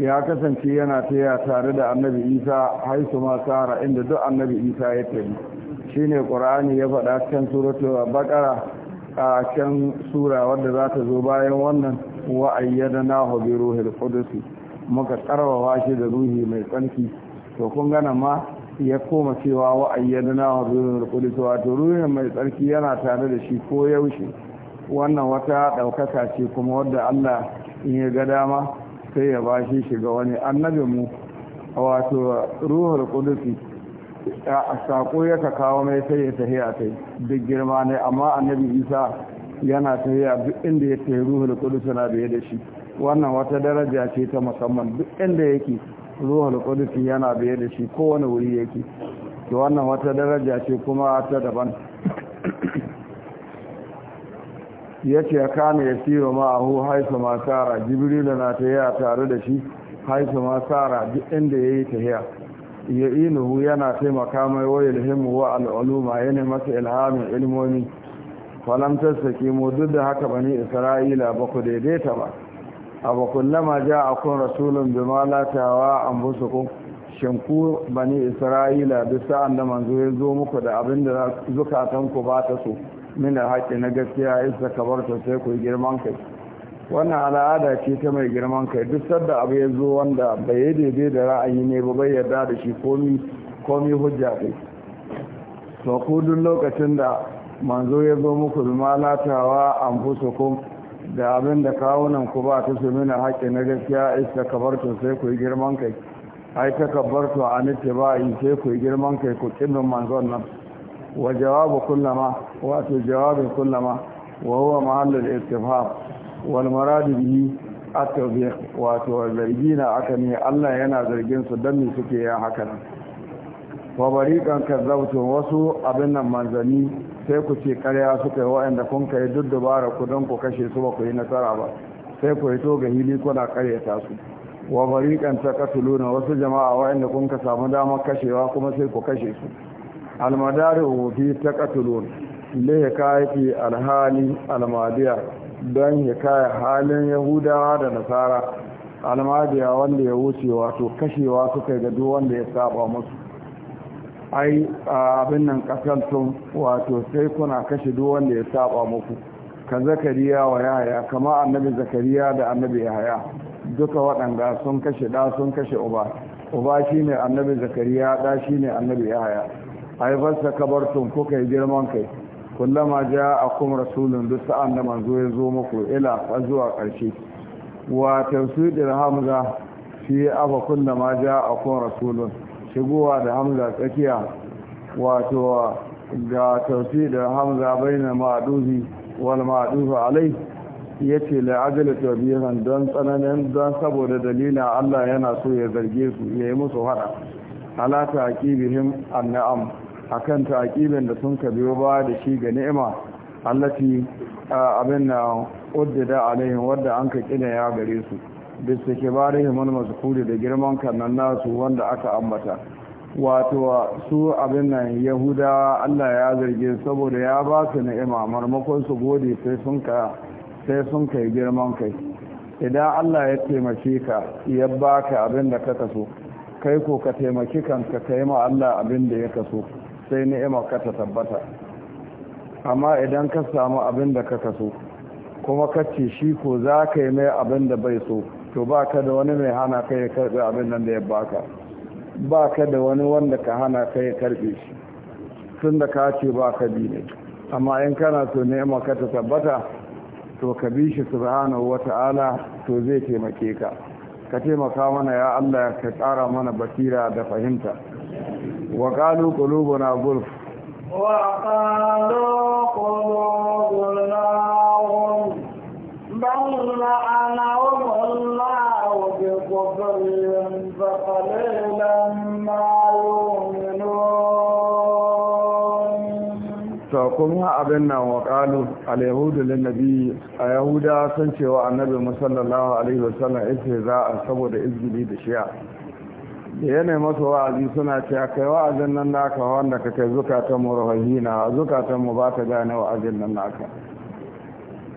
ya kasance yana taya tare da annabi isa haisu ma tsara inda duk annabi isa ya tafi ne ƙorani ya faɗa can a bakara a can sura wadda za ta zo bayan wannan wa na bi ruhil Kudusi muka karwawa shi da ruhi mai tsanki. to kun gana ma ya koma cewa wa na bi ruhil Kudusi wato ruhi mai tsarki yana tare da shi ko yaushe wannan wata ɗaukaka ce kuma wadda Allah in ya ga dama sai ya bashi shiga wani annabinmu wato ruhul kudusi a saƙo ya ka kawo mai sai ya a ta duk girma ne amma annabi isa yana a duk inda ya tafi ruhul kudusi na biye da shi wannan wata daraja ce ta musamman duk inda yake ruhul kudusi yana biye da shi kowane wuri yake to wannan wata daraja ce kuma ta daban ya ce kana ya siyo ma'ahu haisu ma tsara jibrilu na ta yi a tare da shi haisu ma duk inda ya yi ta iya ya inuhu yana taimaka mai wayar himu wa al'uluma yana masa ilhamin ilmomi falamtar sake mu duk da haka bani isra'ila ba ku daidaita ba a bakullama ja a kun rasulun bi latawa an busu ku shinku bani isra'ila duk sa'an da manzo ya zo muku da abin da zukatanku ba ta so min haƙƙi na gaskiya isa ta sai ku girman kai wannan al'ada ce ta mai girman kai duk sadda abu ya zo wanda bai yi daidai da ra'ayi ne ba bai yarda da shi komi komi hujja kai to ku duk lokacin da manzo ya zo muku bi malatawa an fusukum da abin da kawunan ku ba ta su mina haƙƙi na gaskiya isa ta sai ku girman kai ai takabbartu an yi sai ku girman kai ku kibin manzon nan wa jawabu kullama wato jawabin kullama wa huwa mahallul istifham wal marad bihi at-tawbih wato zargina aka ne Allah yana zargin su dan me suke yin haka wa bariqan kazzabtu wasu abin nan sai ku ce karya suka yi wa'anda kun kai duk dubara ku don ku kashe su ba ku yi nasara ba sai ku hito ga hili kuna karyata su wa bariqan taqtuluna wasu jama'a wa'anda kun samu damar kashewa kuma sai ku kashe su almadari'u fi taqatulun li hikayati alhali almadiya don hikaya halin yahudawa da nasara almadiya wanda ya wuce wato kashewa suka ga duk wanda ya saba musu ai abin nan kasantun wato sai kuna kashe duk wanda ya saba muku ka zakariya wa yahaya kama annabi zakariya da annabi yahaya duka waɗanda sun kashe ɗa sun kashe uba uba shine annabi zakariya ɗa shine annabi yahaya aibarsa kabartun ko kai girman kai kullama ja a kuma rasulun duk sa'an da manzo ya zo muku ila zuwa ƙarshe wa tafsirin hamza shi aba kullama ja a kuma rasulun shigowa da hamza tsakiya wato ga tafsirin hamza bai na ma'aduzi wal ma'aduzi alai ya ce la'ajala tabihan don tsananin don saboda dalila Allah yana so ya zarge su ya yi musu hada halata aqibihim na'am akan ta'aqibin da sun ka biyo ba da shi ga ni'ima allafi abin na uddada alaihin wadda an ka kina ya gare su bisa kibarihim wal mazkuri da girman kannan nasu wanda aka ambata wato su abin nan yahuda Allah ya zargi saboda ya ba su ni'ima marmakon su gode sai sun ka yi girman kai idan Allah ya taimake ka ya baka abin da ka kaso kai ko ka taimaki kanka kai ma Allah abin da ya kaso sai ni'imar ka ta tabbata amma idan ka samu abin da ka kaso kuma ka shi ko za ka yi mai abin da bai so to ba ka da wani mai hana ka yi karbe abin nan da ya baka ba ka da wani wanda ka hana ka yi karbe shi tun da ka ce ba ka bi ne amma in kana so ni'imar ka ta tabbata to ka bi shi subhanahu wata'ala to zai taimake ka ka taimaka mana ya Allah ka tsara mana basira da fahimta وقالوا قلوبنا qulubuna gulf wa qalu qulubuna abin nan wa lin nabi a yahuda sun cewa annabi musallallahu alaihi wasallam saboda izgili da shi'a da yana masu wa'azi suna ce a kai wa'azin nan naka wanda ka kai zukatan mu rahahina zukatan mu ba ta gane wa'azin nan naka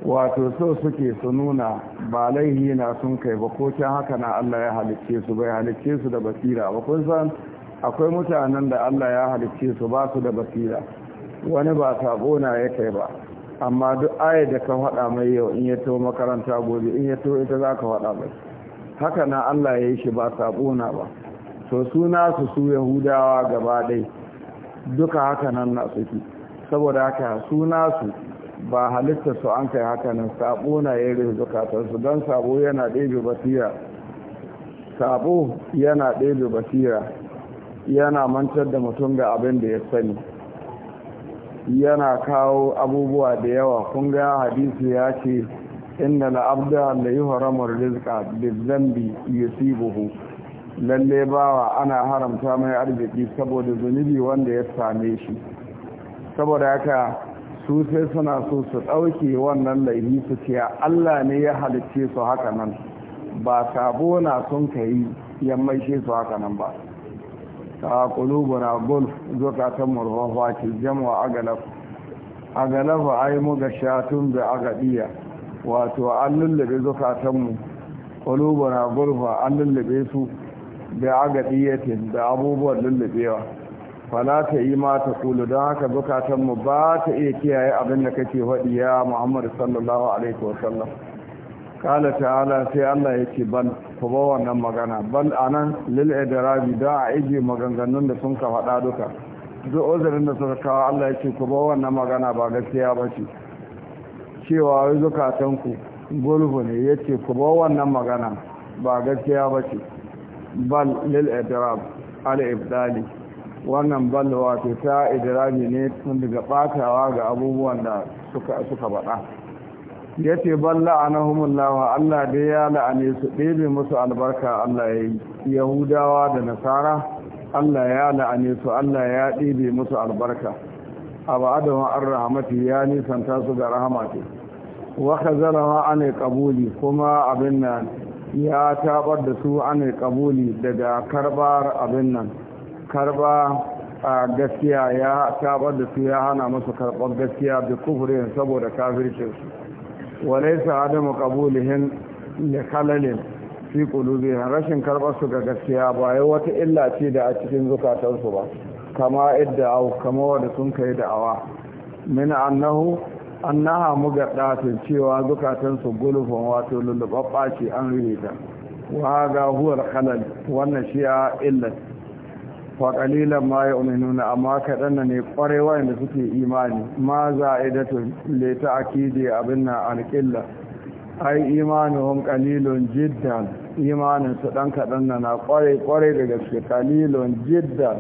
wato so suke su nuna ba laihi na sun kai ba ko can haka na Allah ya halicce su bai halicce su da basira ba kun san akwai mutanen da Allah ya halicce su ba su da basira wani ba sabo na ya kai ba amma duk ayar da ka faɗa mai yau in ya to makaranta gobe in ya to ita za ka faɗa mai haka na Allah ya yi shi ba sabo na ba to suna su su yahudawa gaba ɗai duka haka nan na suke saboda haka suna su ba halitta su an kai haka nan sabo na ya rufe zukatarsu don sabo yana ɗebe basira sabo yana ɗebe basira yana mantar da mutum ga abin da ya sani yana kawo abubuwa da yawa kun ga hadisi ya ce inna na abda da yi haramar rizka zambi yusibuhu lalle bawa ana haramta mai arziki saboda zunubi wanda ya same shi saboda haka su sai suna so su ɗauke wannan laifi su ce Allah ne ya halicce su haka nan ba sabo na sun ka yi yammaishe su haka nan ba ta kulubuna gulf zukatan murfafa ce jama'a agalaf a ai muga shatun da agadiya wato an lullube zukatanmu kulubuna gulfa an lullube su da agadiyatin da abubuwan lullubewa fala ta yi ma ta kulu don haka bukatanmu ba ta iya kiyaye abin da kake faɗi ya muhammad sallallahu alaihi wa sallam. kala ta'ala sai allah ya ce ban ku ba wannan magana Ban a nan lil idrabi don a ije maganganun da sun ka faɗa duka duk uzurin da suka kawo allah ya ce ku ba wannan magana ba gaskiya ba ce cewa wai zukatanku gurbu ne ya ce ku ba wannan magana ba gaskiya ba ce bal lil'adirab al'ibdali wannan bal wato ta idirabi ne tun daga batawa ga abubuwan da suka baɗa ya ce bal la'anahumullawa allah dai ya la'ane su ɗebe musu albarka allah ya yi yahudawa da nasara allah ya la'ane su allah ya ɗebe musu albarka a ba'adawa an rahamati ya nisanta su ga rahama ce waka zarawa ana kabuli kuma abin nan ya tabar da su an kabuli daga karbar abin nan karba a gaskiya ya tabar da su ya hana musu karbar gaskiya da kufurin saboda kafircin su walaisa adamu kabulihin da kalalin fi rashin karbar su ga gaskiya ba ya wata illa ce da a cikin zukatansu ba kama idda au kama wadda sun kai da'awa min annahu An ga mugaddatun cewa zukatansu gulfin wato lullubabba ce an rita. ta wa ga huwar halal, wannan shi ya illat fa qalilan ma nuna, amma kadan ne kwarewa inda suke imani ma za'idatun li ta'kidi abinna alqilla ai imanuhum qalilun jiddan imanin su dan kaɗan na kware kware daga gaske qalilun jiddan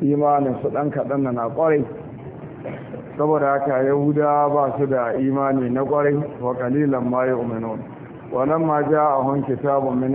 imanin su dan kaɗan na kware saboda haka yahuda ba su da imani na kwarai wa kalilan ma yu'minun ولما wannan ma ja a الله kitabun جاءهم كتاب من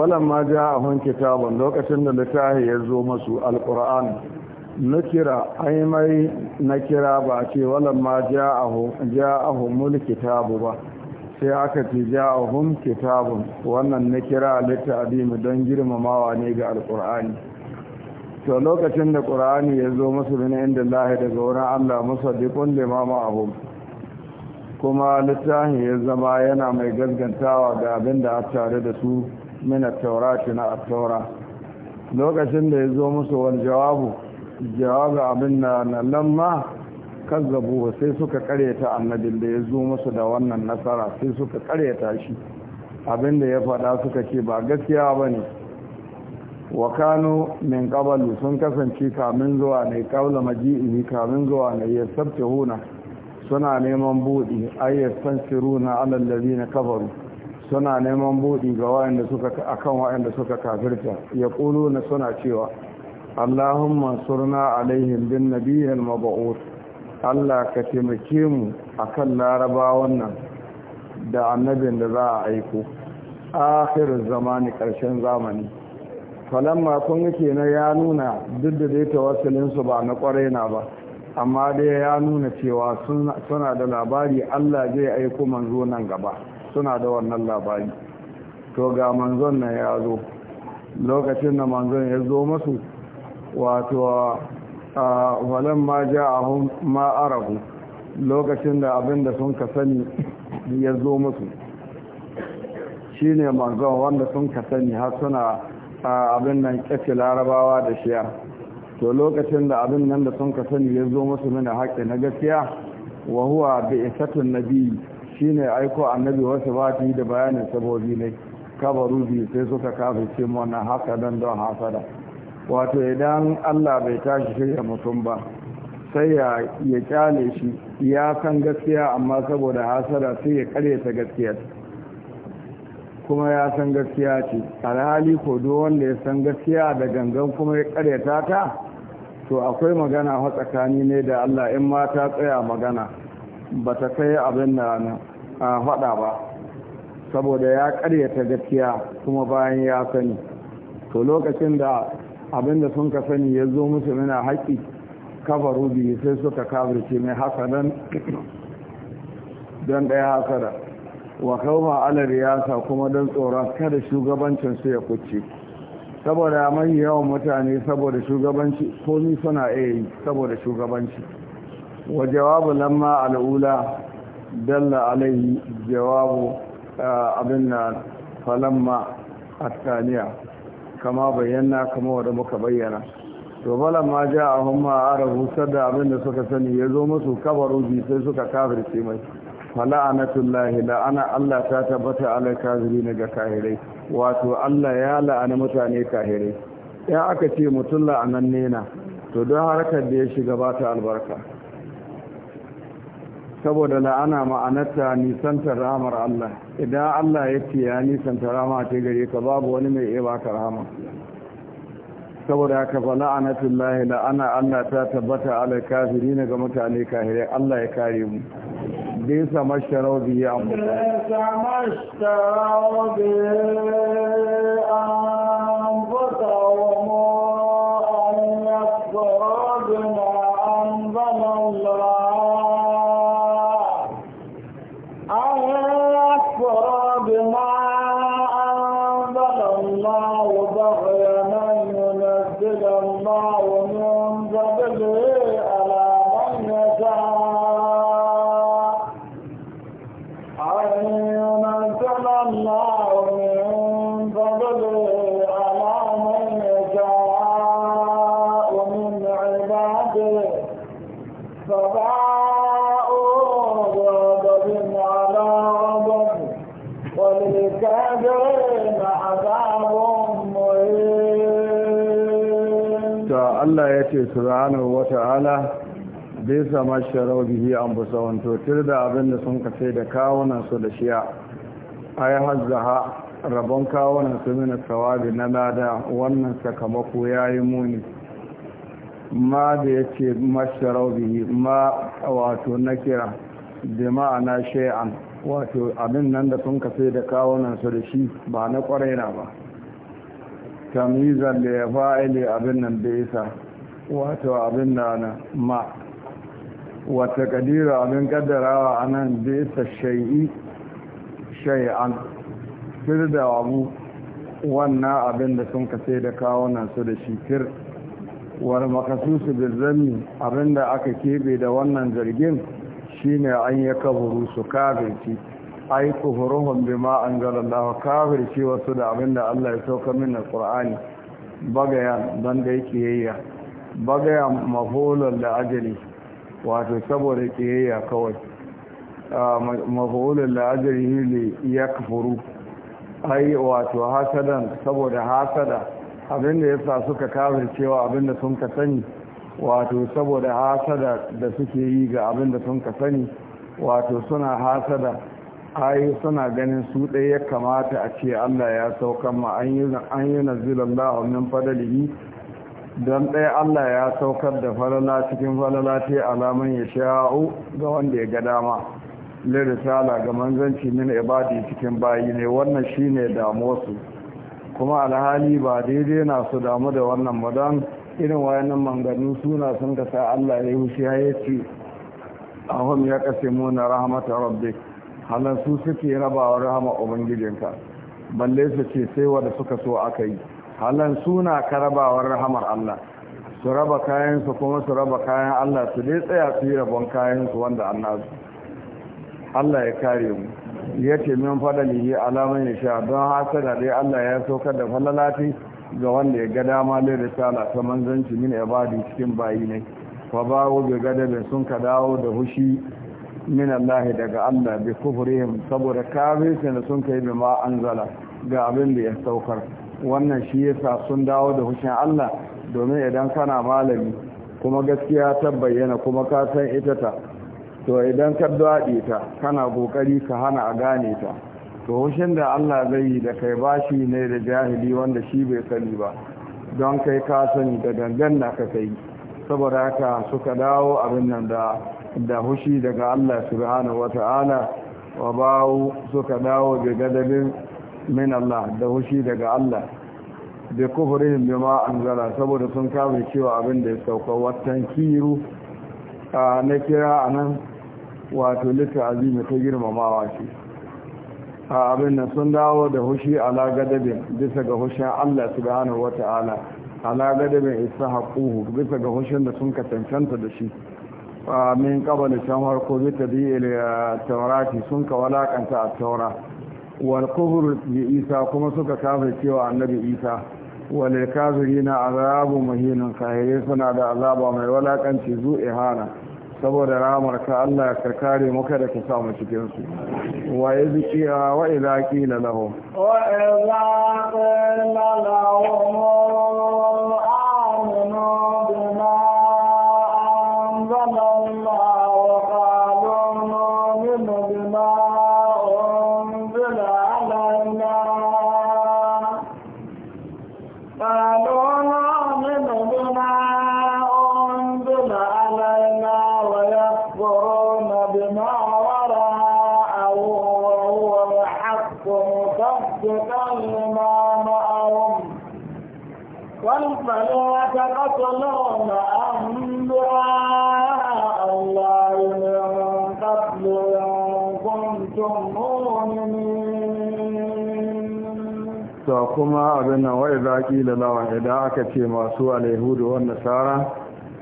walan ma ja a hun kitabun lokacin da littafi ya zo masu alƙur'an nukira aimai na kira ba ce walan ma ja a hun kitabu ba sai aka ce ja a hun kitabun wannan na kira littafi don girmamawa ne ga alƙur'ani to lokacin da ƙur'ani ya zo masu bin inda lahi daga wurin allah musaddiƙun limama abu kuma littafin ya zama yana mai gaskantawa ga abin da a tare da su من التوراة taurati na at lokacin da ya zo musu wal jawabu jawabu abin na lamma kazzabu sai suka karyata annabi da ya zo musu da wannan nasara sai suka karyata shi abin da ya faɗa suka ce ba gaskiya ba ne wa kano min kabalu sun kasance kamin zuwa ne kabla maji'i kamin zuwa ne ya sabta suna neman buɗi ayyar san siru na alallabi na kabaru suna neman buɗi ga wayanda suka akan wayanda suka kafirta ya kulu na suna cewa Allahumma surna alaihim bin nabiyil mab'ut Allah ka taimake mu akan larabawan nan da annabin da za a aiko akhir zamani karshen zamani falamma kun yake na ya nuna duk da dai tawassulin su ba na kwarai na ba amma dai ya nuna cewa suna da labari Allah zai aiko manzo nan gaba suna da wannan labari to ga manzon nan ya zo lokacin da manzon ya zo masu wato a walen ma ja a ma'arahu lokacin da abin da sun ka sani *coughs* ya zo masu shi ne manzon wanda sun ka sani har suna abin nan kyafi larabawa da shiya to lokacin da abin nan da sun ka sani ya zo masu mini haƙƙi na gaskiya wa huwa bi isatun nabi Shi ne aiko annabi wasu ba ta yi da bayanin sabobi ne kabaru biyu sai suka kafirce na haka don don hasara, wato idan allah bai tashi shirya mutum ba sai ya kyale shi ya san gaskiya amma saboda hasara sai ya ta gaskiya kuma ya san gaskiya ce alhali ko duk wanda ya san gaskiya da gangan kuma ya karyata ta ta? to akwai magana tsakani ne da allah in ma ta tsaya magana ba ta kai abin da a faɗa ba saboda ya ƙaryata gaskiya kuma bayan ya sani to lokacin da abin da sun ka sani ya zo musu mina haƙi kafa rubi sai suka kafirce mai hasanan don ɗaya hasara wa kauma ala riyasa kuma don tsoron kada shugabancin su ya kuce saboda mai yawan mutane saboda shugabanci komi suna iya yi saboda shugabanci wa jawabu lamma al'ula dalla alaihi jawabu abin na falamma attaniya kama bayyana kama wadda muka bayyana to bala ma ja a a arahu, sadda abin da suka sani ya zo musu kabaru bi sai suka kafirce mai lahi la'ana Allah ta tabbata ala kafirin ga kahirai wato Allah ya la'ana mutane kahirai ya aka ce mutum la'anan nena to don harkar da ya shiga ba ta albarka saboda la'ana ma'anarta nisantar rahamar Allah idan Allah ya ce ya nisantar rahama ta gare ka babu wani mai iya baka rahama saboda haka fa la'anatul lahi la'ana Allah ta tabbata ala kafirin ga mutane kafirai Allah ya kare mu bin sama sharau bihi an bin sama sharau an fata wa mu an yakfuru bima an Allah ya ce subhanahu wa ta'ala bai sama sharau bihi an busawan to da abin da sun kace da kawunan su da shiya ai hazzaha rabon kawunan su mina sawabi na lada wannan sakamako yayi muni ma da ya ce masharau bihi ma wato na kira da ma'ana shay'an wato abin nan da sun kace da kawunan su da shi ba na kwarai na ba tamizan da ya fa'ili abin nan da yasa wato abin da na ma wata kadira abin kaddarawa a nan bisa shai'i shai'an fir da abu wannan abin da sun kace da kawunan su da shi fir wani su da zami abin da aka kebe da wannan zargin shine an yi kaburu su kabirci ai kufuruhun bima an da kabirci wasu da abin da Allah ya sauka min na kur'ani bagayan don da yake yayya bagaya mafulun da ajali wato saboda kiyayya kawai ah, mafulun da ajali ne ya kafuru ai wato hasadan saboda hasada abinda ya sa suka kafir cewa abinda sun ka sani wato saboda hasada da suke yi ga abinda sun ka sani wato suna hasada ai suna ganin su ɗaya ya kamata a ce Allah ya saukan ma an yi nazilallahu min fadalihi don ɗaya Allah ya saukar da falala cikin falala ta alamun ya sha'u ga wanda ya ga dama lirisala ga manzanci min ibadi cikin bayi ne wannan shi shine wasu kuma alhali ba daidai na su damu da wannan madan irin wayannan manganu suna sun ka sa Allah ya yi wuce ya ce ahun ya kashe muna rahamata rabbi halan su suke rabawa rahama ubangijinka balle su ce sai wanda suka so aka yi halan suna karabawar rahamar Allah su raba kayansu kuma su raba kayan Allah su dai tsaya su yi rabon kayansu wanda su Allah ya kare mu ya ce min yi alaman ya sha don hasada dai Allah ya saukar da falalati ga wanda ya ga dama da risala ta manzanci min ibadi cikin bayi ne fa bawo gada gadabin sun ka dawo da hushi min Allah daga Allah bi kufrihim saboda kafirin da sun kai bima anzala ga abin da ya saukar wannan shi yasa sun dawo da hushin Allah domin idan kana malami kuma gaskiya ta bayyana kuma ka san ita ta to idan ka daɗe ta kana kokari ka hana a gane ta to hushin da Allah zai yi da kai bashi ne da jahili wanda shi bai sani ba don kai ka sani da dangan na ka kai saboda haka suka dawo abin nan da da hushi daga Allah subhanahu wata'ala wa bawo suka dawo da gadabin min Allah da hushi daga Allah da kufurin bima anzala saboda sun kafir cewa abin da ya sauka watan kiru na kira anan wato lita azimi ta girmamawa ce a abin sun dawo da hushi ala gadabin bisa ga hushin Allah hannu wata'ala ala gadabin isa haquhu bisa ga hushin da sun katantanta da shi min qabala shamar ko biyu tadiyil taurati sun ka a taura wal kufr bi isa kuma suka kafir cewa annabi isa wal kafirina azabu muhinun kahire suna da azaba mai walakanci zu ihana saboda ramar ka Allah ka kare muka da ka samu cikin su wa idza qila wa idza qila lahum kuma abin nan wai ki da lawan idan aka ce masu alaihudu wa nasara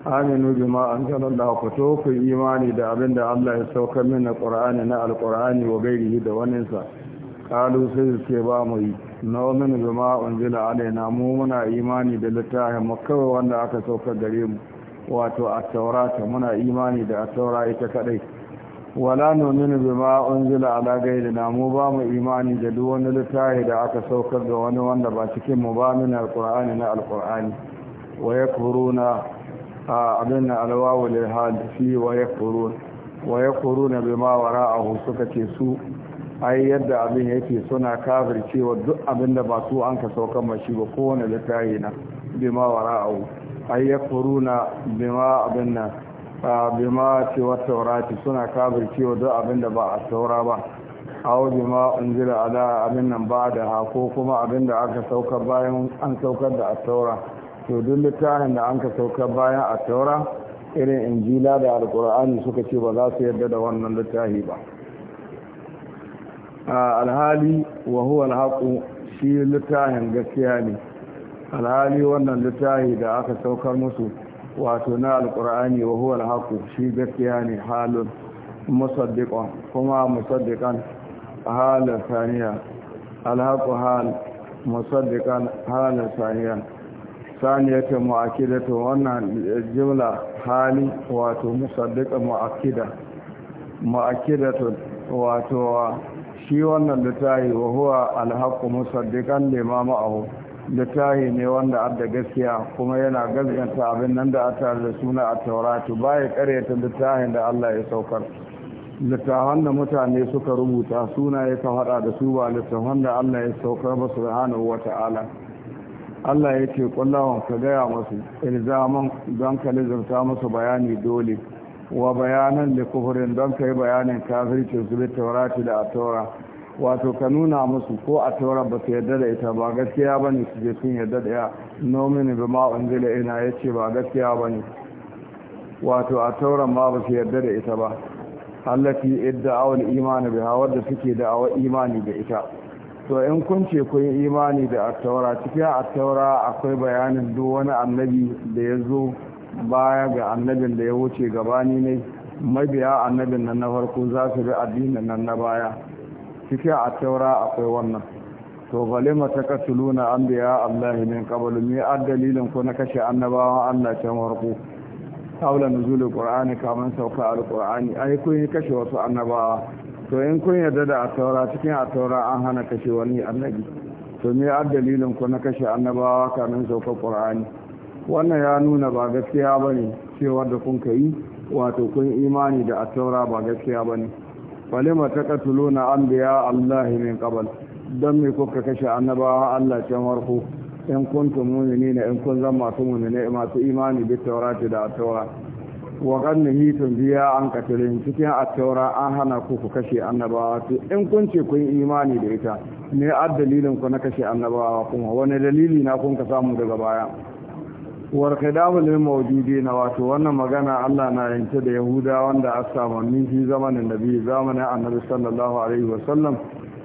aminu bima anzalallahu ku to ku imani da abin da Allah ya saukar mina ƙura'ani na alqur'ani wa gairihi da waninsa kalu sai ce ba mu yi nomin a unzila alaina mu muna imani da littafin makawa wanda aka saukar gare mu wato a taurata muna imani da a taura ita kadai wala nominu a unzila ala da namu ba mu imani da duk wani littafi da aka saukar da wani wanda ba cikin mu ba min alqur'ani na alqur'ani wa yakfuruna abin alwawu lil hal wa yakfurun wa yakfuruna bima wara'ahu suka ce su ai yadda abin yake suna cewa duk abin da ba su an ka saukan mashi ba kowane littafi na bima wara'u ai na bima abin nan bima cewa taurati suna cewa duk abin da ba a saura ba aw bima unzila ala abin nan ba da ha ko kuma abin da aka saukar bayan an saukar da taura to duk littafin da an ka saukar bayan a taura irin injila da alkur'ani suka ce ba za su yarda da wannan littafi ba alhali wa huwa alhaqu shi littafin gaskiya ne alhali wannan littafi da aka saukar musu wato na alqur'ani wa huwa alhaqu shi gaskiya ne halun musaddiqan kuma musaddiqan halin saniya alhaqu hal musaddiqan halin saniya mu'akida to wannan jumla hali wato musaddiqan mu'akida to wato shi wannan littahi wa huwa alhaqqu musaddiqan da ta yi ne wanda adda gaskiya kuma yana gaskanta abin nan da aka da suna a tauratu ya karyata yi da Allah ya saukar littafan da mutane suka rubuta suna ya ta faɗa da su ba littafan da Allah ya saukar ba subhanahu wa ta'ala Allah ya ce kullawan ka gaya masu ilzaman don ka lizarta masu bayani dole wa bayanan da kufurin don ka yi bayanin kafircin su bi taurati da atora wato ka nuna musu ko a taura ba su yarda da ita ba gaskiya ba ne su je sun yarda da ya nomini bi ma unzila ina ya ce ba gaskiya ba ne wato a taura ma ba su yarda da ita ba allati idda awal imani hawar da suke da awa imani da ita to in kun ce kun yi imani da attaura cikin attaura akwai bayanin duk wani annabi da ya zo baya ga annabin da ya wuce gabani ne mabiya annabin nan na farko za su bi addinin nan na baya cikin a taura akwai wannan to bale mata na an biya Allah min mai mi dalilin ko na kashe annabawan Allah can farko haula nuzul qur'ani kamar sauka alqur'ani ai kun kashe wasu annabawa to in kun yarda da a taura cikin a taura an hana kashe wani annabi to me dalilin ko na kashe annabawa kamar sauka qur'ani wannan ya nuna ba gaskiya ba ne cewar da kun ka yi wato kun imani da attaura ba gaskiya ba ne falima ta katulo na an biya allahi min kabal don me kuka kashe annabawa allah can warko in kun kuntum na in kun zama masu ne masu imani bi taurati da attaura wa ni nahitun biya an katilin cikin attaura an hana ku ku kashe annabawa to in kun ce kun imani da ita ne ad dalilin ku na kashe annabawa kuma wani dalili na kun ka samu daga baya warkadamu lil na wato wannan magana Allah na yanke da Yahuda wanda asamannin shi zamanin Nabi zamanin Annabi sallallahu alaihi wasallam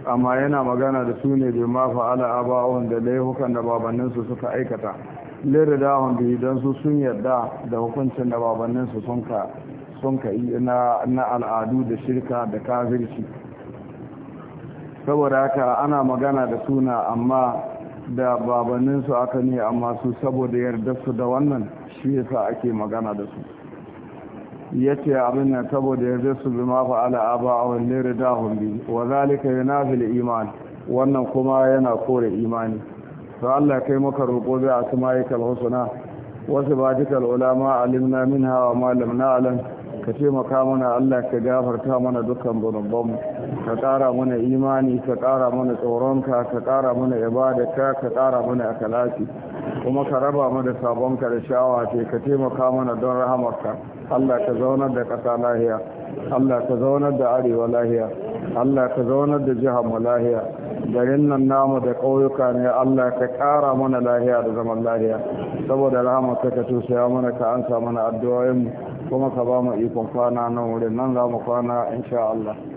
amma yana magana da su ne bai ma ala abawun da hukan da babanninsu suka aikata lera hon bi dan su sun yarda da hukuncin da babanninsu sun ka yi na al'adu da shirka da kafirci saboda haka ana magana da suna amma da babaninsu aka ne amma su saboda yarda su da wannan shi yasa ake magana da su ya ce abin nan saboda yarda su bi ma fa'ala aba a wani rida hulli wa zalika yunafil iman wannan kuma yana kore imani su Allah kai maka roƙo bi Wasu ba ji kalula ulama alimna min hawa malam na alam ka taimaka mana Allah ka gafarta mana dukkan mu ka ƙara mana imani ka ƙara mana tsoronka ka ƙara mana ibadata ka ƙara mana akalati kuma ka raba mana sabonka da shawa ce ka taimaka mana don rahamarka Allah ka zaunar da ƙasa lahiya Allah ka zaunar da arewa lahiya Allah ka zaunar da jihar mu lahiya garin nan namu da ƙauyuka ne Allah ka ƙara mana lahiya da zaman lahiya saboda rahamarka ka tusaya mana ka ansa mana addu'o'in kuma ka ba mu ikon kwana nan wurin nan za mu kwana insha Allah